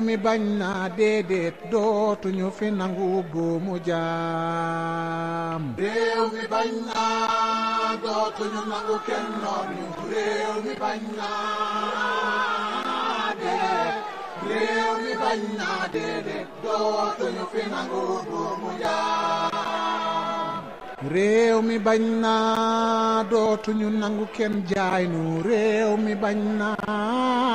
mi bañ naa déedéet dootuñu fi nangu buumu jaam réew mi bañ naa dootuñu nangu kenn dootuñu fi nangu buumu jaam réew mi bañ naa dootuñu nangu kenn jaay nu réew mi bañ naa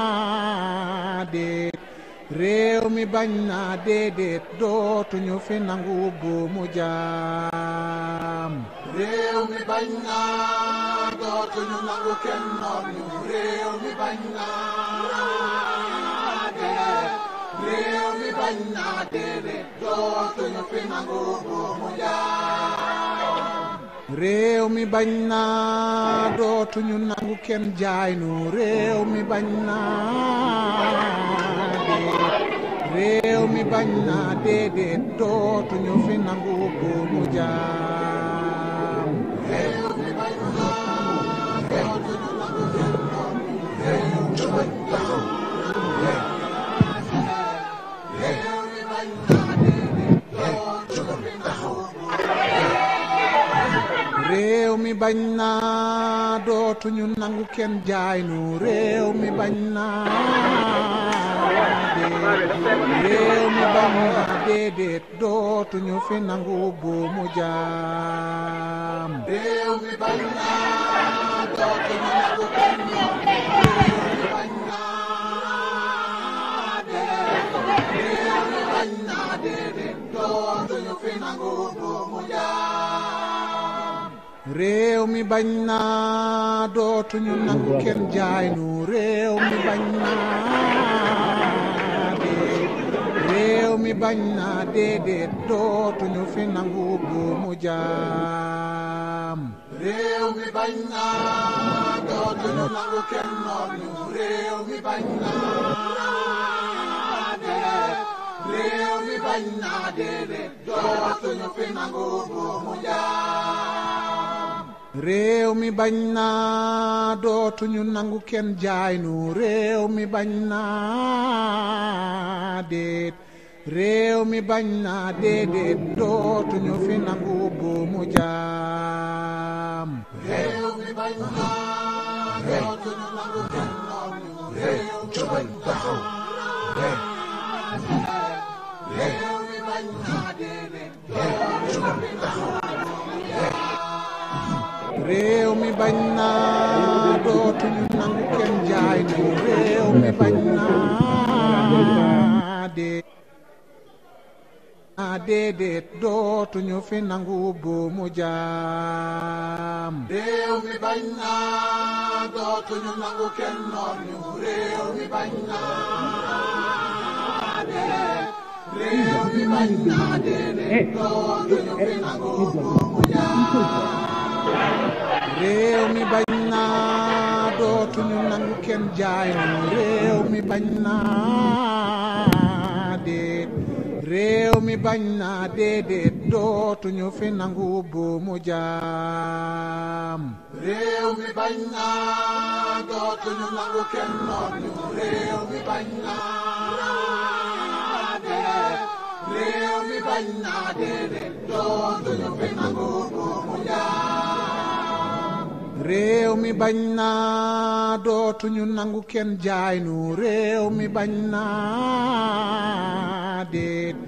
réew mi bañ naa déedéet dootuñu fi nangu buumu jaam réew mi bañ naa dootuñu nangu kenn noor réew mi bañ naa déedéet dootuñu fi nangu buumu jaam réew mi bañ naa dootuñu nangu kenn jaay réew mi bañ naa bañ mi bañ naa dootuñu nangu kenn jaay nu mi bañ naa noonu déedéet fi nangu buumu jaam mi bañ naa dootuñu nangu kenn réew mi bañ mi bañ naa déedéet dootuñu fi nangu buumu jaam réew mi bañ naa dootuñu nangu kenn jaay nu réew mi bañ naa bi bañ naa réew mi bañ na dootuñu nangu kenn noonu réew mi bañ naa réew mi bañ naa dootuñu nangu kenn jaay nu réew mi bañ naa déet réew mi bañ naa déedéet dootuñu fi nangu buumu jaam réew mi bañ naa dootuñu nangu jaam nangu kenn jaay réew mi bañ naa déedéet a ah, dootuñu fi nangu buumu jaam. réew mi bañ naa dootuñu nangu kenn noor ñu mi bañ naa déedéet. réew mi bañ naa déedéet dootuñu mi bañ naa réew mi bañ na déedéet dootuñu fi nangu buumu jaam. bañ naa dootuñu nangu kenn noonu réew mi bañ naa jaam. réew mi bañ naa dootuñu nangu kenn jaay nu réew mi bañ naa déedéet.